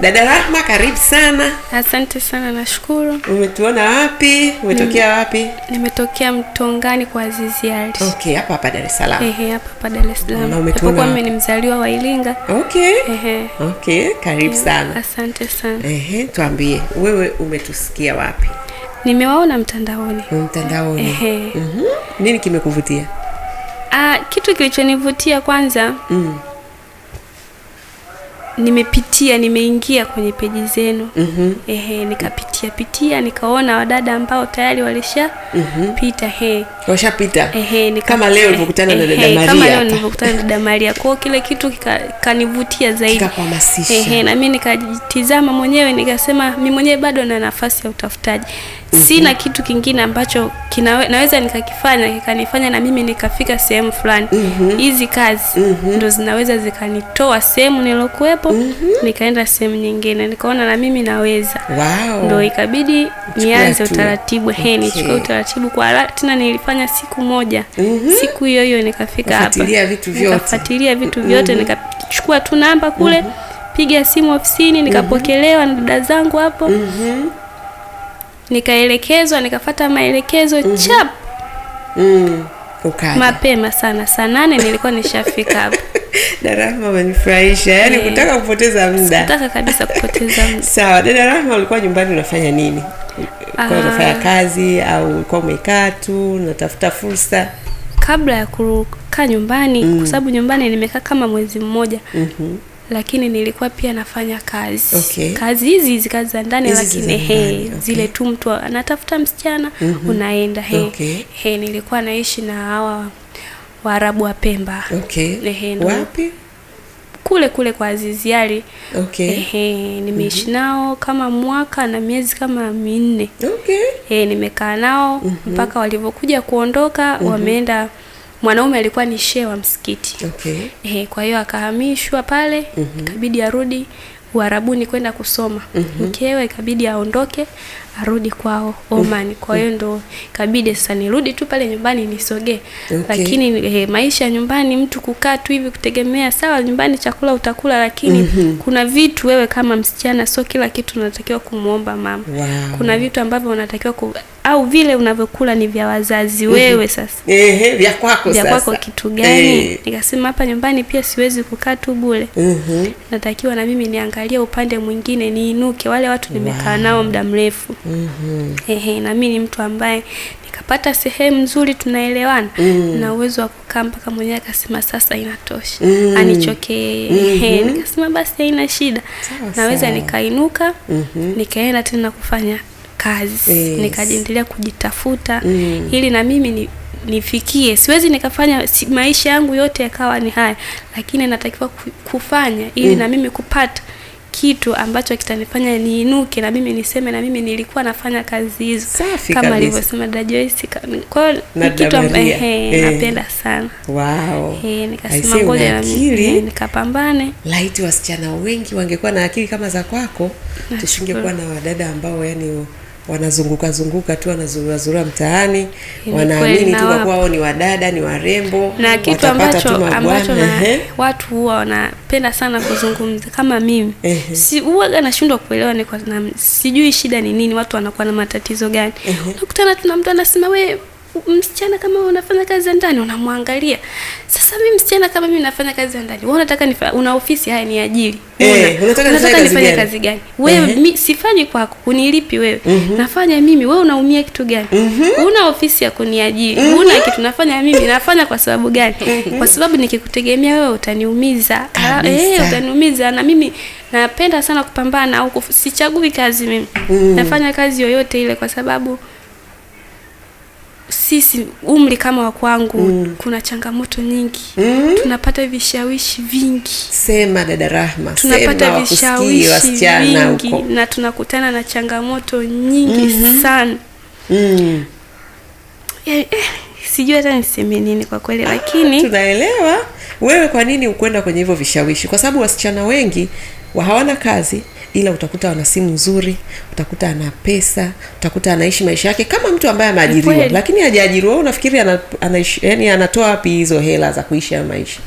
Dada Rahma, karibu sana. Asante sana, nashukuru. Umetuona wapi? Umetokea Nime, mm. wapi? Nimetokea Mtongani kwa Azizi Ali. Okay, hapa hapa Dar es Salaam. Ehe, hapa hapa Dar es Salaam. Na mimi ni mzaliwa wa Ilinga. Okay. Ehe. Okay, karibu mm, sana. Asante sana. Ehe, tuambie wewe umetusikia wapi? Nimewaona mtandaoni. Mtandaoni. Ehe. Mhm. Mm nini kimekuvutia? Ah, kitu kilichonivutia kwanza mm nimepitia nimeingia kwenye peji zenu mm -hmm. Ehe, nikapitia nilishapitia nikaona wadada ambao tayari walishapita mhm. mm -hmm. he washapita kama leo nilipokutana na dada Maria kama leo nilipokutana na dada Maria kwa kile kitu kikanivutia zaidi kikakuhamasisha ehe na mimi nikajitizama mwenyewe nikasema mimi mwenyewe bado na nafasi ya utafutaji mhm. sina mm -hmm. kitu kingine ambacho kinaweza naweza nikakifanya kikanifanya na mimi nikafika sehemu fulani mhm. hizi mm -hmm. kazi mm -hmm. ndo zinaweza zikanitoa sehemu nilokuwepo mm -hmm. nikaenda sehemu nyingine nikaona na mimi naweza wow. ndo ikabidi nianze utaratibu okay. Nichukue utaratibu kwa haraka tena, nilifanya siku moja mm -hmm. Siku hiyo hiyo nikafika hapa, nikafuatilia vitu vyote mm -hmm. Nikachukua tu namba kule mm -hmm. Piga simu ofisini nikapokelewa mm -hmm. na dada zangu hapo mm -hmm. Nikaelekezwa, nikafata maelekezo mm -hmm. chap mm. Mapema sana saa nane nilikuwa nishafika hapo Dada Rahma amenifurahisha yaani yeah. Kutaka kupoteza muda kabisa kupoteza muda sawa. Dada Rahma, ulikuwa nyumbani unafanya nini? uh, unafanya kazi au ulikuwa umekaa tu unatafuta fursa kabla ya kukaa nyumbani? mm. Kwa sababu nyumbani nimekaa kama mwezi mmoja mm -hmm. Lakini nilikuwa pia nafanya kazi okay. Kazi hizi hizi kazi za ndani lakini he okay. Zile tu mtu anatafuta msichana mm -hmm. Unaenda he okay. He nilikuwa naishi na hawa Waarabu wa Pemba. Okay. Ehe, wapi? Kule kule kwa Azizi Okay. Ehe, nimeishi mm -hmm. nao kama mwaka na miezi kama minne. Okay. Eh, nimekaa nao mm -hmm. mpaka walivyokuja kuondoka mm -hmm. wameenda mwanaume alikuwa ni shehe wa msikiti. Okay. Ehe, kwa hiyo akahamishwa pale mm -hmm. ikabidi arudi Uarabuni kwenda kusoma. Mhm. Mkewe mm -hmm. ikabidi aondoke arudi kwao Oman. Kwa hiyo ndo ikabidi sasa nirudi tu pale nyumbani nisogee. Okay. Lakini eh, maisha nyumbani mtu kukaa tu hivi kutegemea, sawa nyumbani chakula utakula, lakini mm -hmm. kuna vitu wewe kama msichana sio kila kitu unatakiwa kumuomba mama. Wow. Kuna vitu ambavyo unatakiwa ku, au vile unavyokula ni vya wazazi mm -hmm. wewe sasa. Ehe, vya kwako sasa. Vya kwako kitu gani? Eh. Nikasema hapa nyumbani pia siwezi kukaa tu bure. Mm -hmm. Natakiwa na mimi niangalie upande mwingine niinuke wale watu nimekaa wow. nao muda mrefu mm -hmm. Hehe, na mimi ni mtu ambaye nikapata sehemu nzuri tunaelewana, mm. na uwezo wa kukaa mpaka mwenyewe akasema sasa inatosha, mm. anichokee. mm -hmm. Nikasema basi haina shida, naweza nikainuka, mm -hmm. nikaenda tena kufanya kazi yes. Nikajiendelea kujitafuta mm. ili na mimi ni nifikie siwezi nikafanya si, maisha yangu yote yakawa ni haya, lakini natakiwa kufanya ili mm. na mimi kupata kitu ambacho kitanifanya niinuke na mimi niseme na mimi nilikuwa nafanya kazi hizo, kama alivyosema Dada Joyce. Kwa hiyo ni kitu ambaye eh. napenda sana. Wow. He, nikasema ngoja na mimi nikapambane. Laiti wasichana wengi wangekuwa na akili kama za kwako, tusingekuwa na wadada ambao yani wanazunguka zunguka tu wanazurura zurura mtaani, wanaamini tu kwa wao ni wadada ni warembo, na kitu ambacho ambacho na watu huwa wanapenda sana kuzungumza kama mimi si huwa nashindwa kuelewa ni kwa na, sijui shida ni nini, watu wanakuwa na matatizo gani? Nakutana tuna mtu anasema wewe msichana kama unafanya kazi za ndani unamwangalia. Sasa mimi msichana kama mimi nafanya kazi za ndani, wewe unataka nifa, una ofisi haya ni ajili eh, unataka nifanye kazi, kazi, gani? Wewe uh -huh. sifanyi kwako kunilipi wewe uh mhm. -huh. nafanya mimi, wewe unaumia kitu gani? uh mhm. -huh. una ofisi ya kuniajili uh mhm. -huh. una kitu nafanya mimi, nafanya kwa sababu gani? uh -huh. kwa sababu nikikutegemea wewe utaniumiza, ah, eh, utaniumiza na mimi napenda sana kupambana au sichagui kazi mimi uh mm. -huh. nafanya kazi yoyote ile kwa sababu sisi umri kama wa kwangu mm. kuna changamoto nyingi mm. tunapata vishawishi vingi. Sema dada Rahma, tunapata vishawishi vingi uko. na tunakutana na changamoto nyingi mm -hmm. sana mm. yeah, eh, sijui hata niseme nini kwa kweli, ah, lakini tunaelewa. Wewe kwa nini ukwenda kwenye hivyo vishawishi? Kwa sababu wasichana wengi hawana kazi ila utakuta ana simu nzuri, utakuta ana pesa, utakuta anaishi maisha yake kama mtu ambaye ameajiriwa, lakini hajaajiriwa. Unafikiri anaishi, yani anatoa wapi hizo hela za kuishi ya maisha?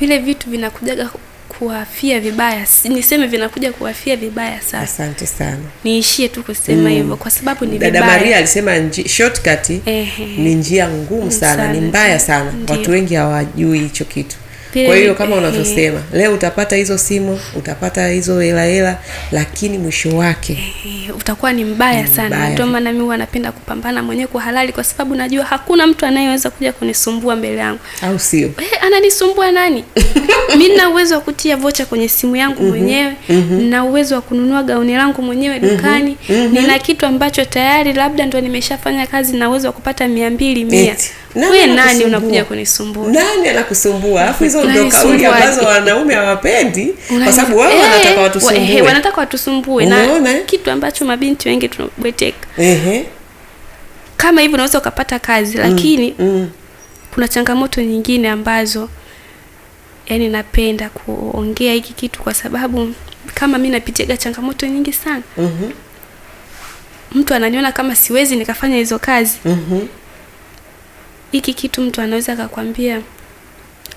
Vile vitu vinakujaga kuafia vibaya, niseme vinakuja kuafia vibaya sana. Asante sana, niishie tu kusema mm. hivyo mm. kwa sababu ni dada Maria alisema nji, shortcut eh, eh, ni njia ngumu sana, sana, ni mbaya sana, sana. Watu wengi hawajui hicho kitu. Kwa hiyo kama unavyosema eh, leo utapata hizo simu, utapata hizo hela hela, lakini mwisho wake eh, eh, utakuwa ni mbaya sana. Ndio maana mimi wanapenda kupambana mwenyewe kwa halali, kwa sababu najua hakuna mtu anayeweza kuja kunisumbua mbele yangu, au sio? Eh, ananisumbua nani? mimi nina uwezo wa kutia vocha kwenye simu yangu mhm, mwenyewe, mhm. nina uwezo wa kununua gauni langu mwenyewe mhm, dukani, nina kitu ambacho tayari labda ndo nimeshafanya kazi na uwezo wa kupata mia mbili mia nani, nani unakuja kunisumbua? Nani anakusumbua? afu hizo ndio kauli ambazo wanaume hawapendi kwa sababu wao wanataka watusumbue. Ehe, wanataka watusumbue na kitu ambacho mabinti wengi tunabweteka. Ehe. Kama hivyo unaweza ukapata kazi lakini mm, mm. kuna changamoto nyingine ambazo yani napenda kuongea hiki kitu kwa sababu kama mi napitiaga changamoto nyingi sana. Mm-hmm. Mtu ananiona kama siwezi nikafanya hizo kazi. Mm-hmm hiki kitu mtu anaweza akakwambia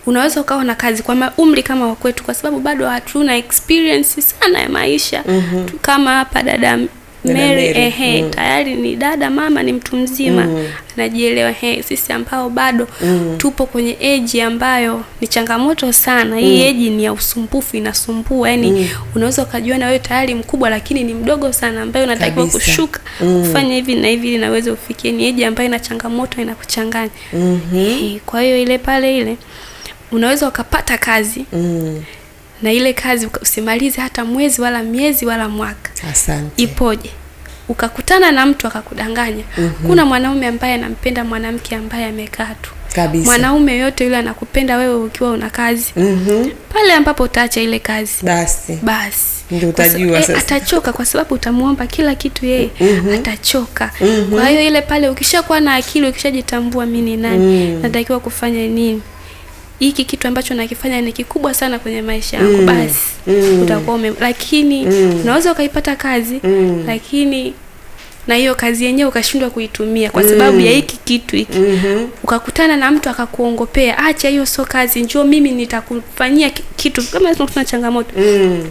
unaweza ukawa na kazi kwa umri kama wa kwetu, kwa sababu bado hatuna experience sana ya maisha mm -hmm. kama hapa dada Mary ehe, mm. tayari ni dada mama, ni mtu mzima mm. anajielewa. He, sisi ambao bado mm. tupo kwenye eji ambayo ni changamoto sana hii mm. eji ni ya usumbufu, inasumbua yani mm. unaweza ukajiona wewe tayari mkubwa, lakini ni mdogo sana, ambayo unatakiwa kushuka mm. kufanya hivi na hivi naweza ufikie. Ni eji ambayo ina changamoto, inakuchanganya mm -hmm. kwa hiyo ile pale ile unaweza ukapata kazi mm na ile kazi usimalize hata mwezi wala miezi wala mwaka. Asante. Ipoje ukakutana na mtu akakudanganya? mm -hmm. Kuna mwanaume ambaye anampenda mwanamke ambaye amekaa tu kabisa. Mwanaume yote yule anakupenda wewe ukiwa una kazi. mm -hmm. Pale ambapo utaacha ile kazi, basi basi ndio utajua eh, sasa. E, atachoka kwa sababu utamuomba kila kitu yeye. mm -hmm. Atachoka. mm -hmm. Kwa hiyo ile pale ukishakuwa na akili, ukishajitambua mimi ni nani, mm. natakiwa kufanya nini hiki kitu ambacho nakifanya ni kikubwa sana kwenye maisha yangu mm. basi mm. utakuwa ume, lakini mm. unaweza ukaipata kazi mm. lakini na hiyo kazi yenyewe ukashindwa kuitumia kwa mm. sababu mm. ya hiki kitu hiki mm -hmm. Ukakutana na mtu akakuongopea, acha hiyo, sio kazi, njoo mimi nitakufanyia kitu. Kama tuna changamoto mm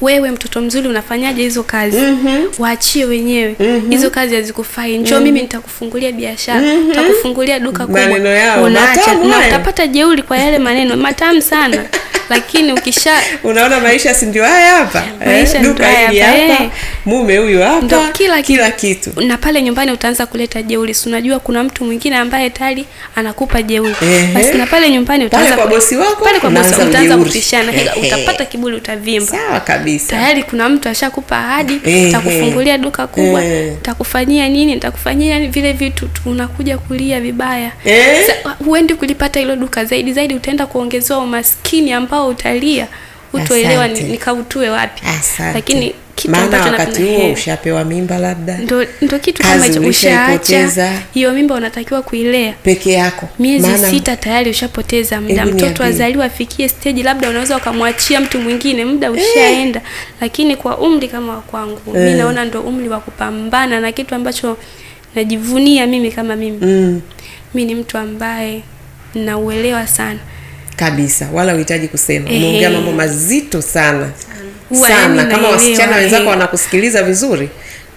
wewe mtoto mzuri unafanyaje hizo kazi? mm -hmm. Waachie wenyewe mm -hmm. hizo kazi hazikufai, njoo mm -hmm. mimi nitakufungulia biashara mm -hmm. nitakufungulia duka kubwa, unaacha na utapata jeuri kwa yale maneno matamu sana lakini ukisha unaona maisha si ndio haya hapa, maisha eh, duka hili hapa, eh. mume huyu hapa, kila, kila kitu. Na pale nyumbani utaanza kuleta jeuri, si unajua kuna mtu mwingine ambaye tayari anakupa jeuri, basi na pale nyumbani utaanza kwa bosi wako, pale kwa bosi utaanza kutishana, utapata kiburi, utavimba. Sawa kabisa kabisa. Tayari kuna mtu ashakupa ahadi, nitakufungulia hey, duka kubwa, nitakufanyia hey, nini, nitakufanyia vile vitu, tunakuja kulia vibaya. Hey. Sa, huendi kulipata hilo duka zaidi zaidi, utaenda kuongezewa umaskini ambao utalia, utoelewa nikautue wapi. Asante. Lakini maana wakati huo ushapewa mimba labda ndo, ndo kitu kama ushaacha hiyo mimba unatakiwa kuilea peke yako miezi maana, sita tayari ushapoteza muda mtoto azaliwa afikie stage labda unaweza ukamwachia mtu mwingine muda ushaenda hey. lakini kwa umri kama wa kwangu hey. mi naona ndo umri wa kupambana na kitu ambacho najivunia mimi kama mimi mm. mi ni mtu ambaye nauelewa sana kabisa wala uhitaji kusema umeongea mambo mazito sana sana. Kama wasichana wenzako wanakusikiliza vizuri,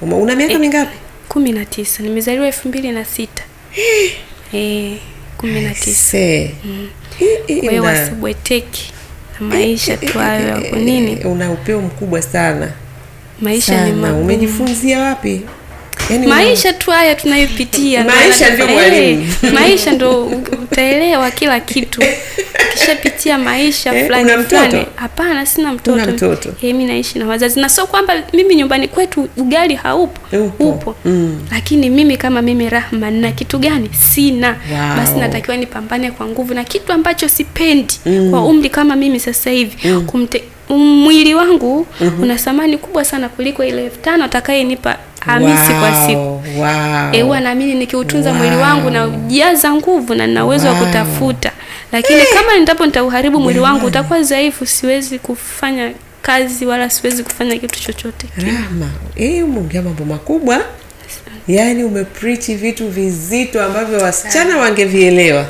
una miaka e, mingapi? kumi na tisa. Nimezaliwa elfu mbili na sita e, eh, kumi na tisa. Mm. Wewe wasibweteki na maisha tu hayo ya nini una upeo mkubwa sana maisha sana. Ni umejifunzia wapi? Yaani maisha tu haya tunayopitia maisha mwalimu maisha ndo eh, utaelewa kila kitu kishapitia maisha eh, fulani fulani hapana sina mtoto, mtoto. Eh, mimi naishi na wazazi na sio kwamba mimi nyumbani kwetu ugali haupo upo, upo. Mm. lakini mimi kama mimi Rahma na kitu gani sina wow. basi natakiwa nipambane kwa nguvu na kitu ambacho sipendi mm. kwa umri kama mimi sasa hivi mm. kumte mwili wangu mm-hmm. una thamani kubwa sana kuliko ile elfu tano atakayenipa hamisi wow, kwa siku wow. E, huwa naamini nikiutunza wow. mwili wangu na naujaza nguvu na nina uwezo wow. wa kutafuta, lakini hey. Eh. kama nitapo nitauharibu mwili wangu utakuwa dhaifu, siwezi kufanya kazi wala siwezi kufanya kitu chochote. Rama, eh, umeongea mambo makubwa, yaani umepreach vitu vizito ambavyo wasichana wangevielewa eh,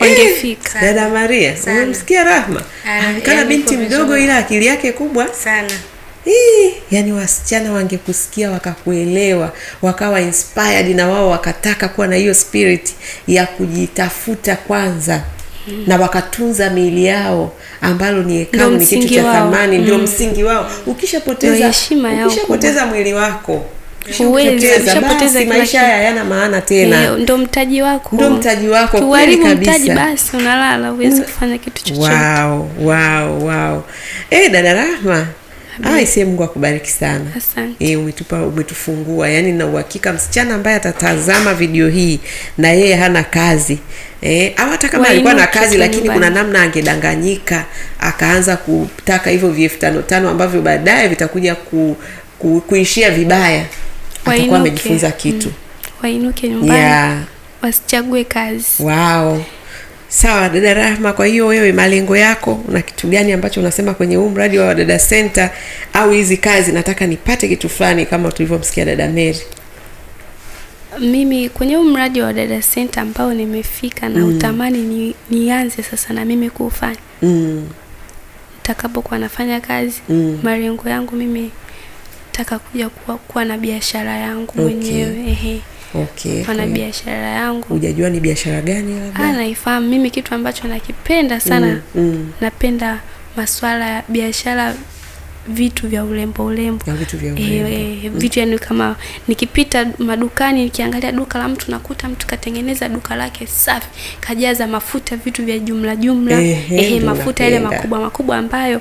wangefika. Dada Maria, umemsikia Rahma? Ah, Kana binti mdogo ila akili yake kubwa sana. Hii, yani wasichana wangekusikia wakakuelewa, wakawa inspired na wao wakataka kuwa na hiyo spirit ya kujitafuta kwanza mm. na wakatunza miili yao ambalo ni hekalu, ni kitu cha thamani, ndio mm. msingi wao. Ukishapoteza ukishapoteza mwili wako basi maisha haya hayana maana tena, ndio mtaji wako, ndio mtaji wako kweli kabisa. Basi unalala, huwezi kufanya kitu chochote. Wow, wow, wow. Eh, dada Rahma Aisee, ah, Mungu akubariki sana. Asante. E, umetupa umetufungua, yaani na uhakika msichana ambaye atatazama video hii na yeye hana kazi eh, au hata kama alikuwa na kazi lakini Kuna namna angedanganyika akaanza kutaka hivyo viefu tano tano ambavyo baadaye vitakuja ku, ku, kuishia vibaya, atakuwa amejifunza kitu mm. Wainuke nyumbani yeah. Wasichague kazi wow Sawa dada Rahma, kwa hiyo wewe malengo yako na kitu gani ambacho unasema kwenye huu mradi wa dada Center au hizi kazi, nataka nipate kitu fulani, kama tulivyomsikia dada Mary? Mimi kwenye huu mradi wa dada Center ambao nimefika na mm. utamani ni, nianze sasa na mimi kuufanya mm. nitakapokuwa nafanya kazi mm. malengo yangu mimi nataka kuja kuwa, kuwa na biashara yangu mwenyewe okay. ehe Okay. Fanya biashara yangu. Hujajua ni biashara gani labda? Ah, naifahamu mimi kitu ambacho nakipenda sana. Mm, mm. Napenda masuala ya biashara vitu vya urembo urembo. Ya vitu vya urembo. E, mm. Vitu yani kama nikipita madukani nikiangalia duka la mtu nakuta mtu katengeneza duka lake safi, kajaza mafuta vitu vya jumla jumla. Ehe, mafuta ile makubwa makubwa ambayo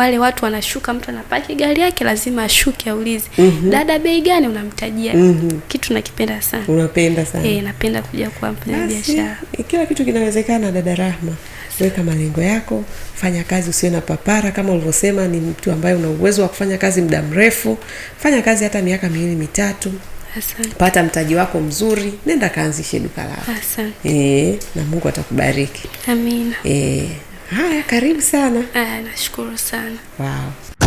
wale watu wanashuka, mtu anapaki gari yake lazima ashuke aulize, mm -hmm. dada, bei gani? Unamtajia mm -hmm. kitu nakipenda sana. Unapenda sana eh? Napenda kuja kuwa mfanya Kila kitu kinawezekana, dada Rahma. Weka malengo yako, fanya kazi, usiwe na papara. Kama ulivyosema, ni mtu ambaye una uwezo wa kufanya kazi muda mrefu. Fanya kazi hata miaka miwili mitatu. Asante. Pata mtaji wako mzuri, nenda kaanzishe duka lako. Asante. E, na Mungu atakubariki. Amina. E. Haya, karibu sana. Eh, nashukuru sana wow.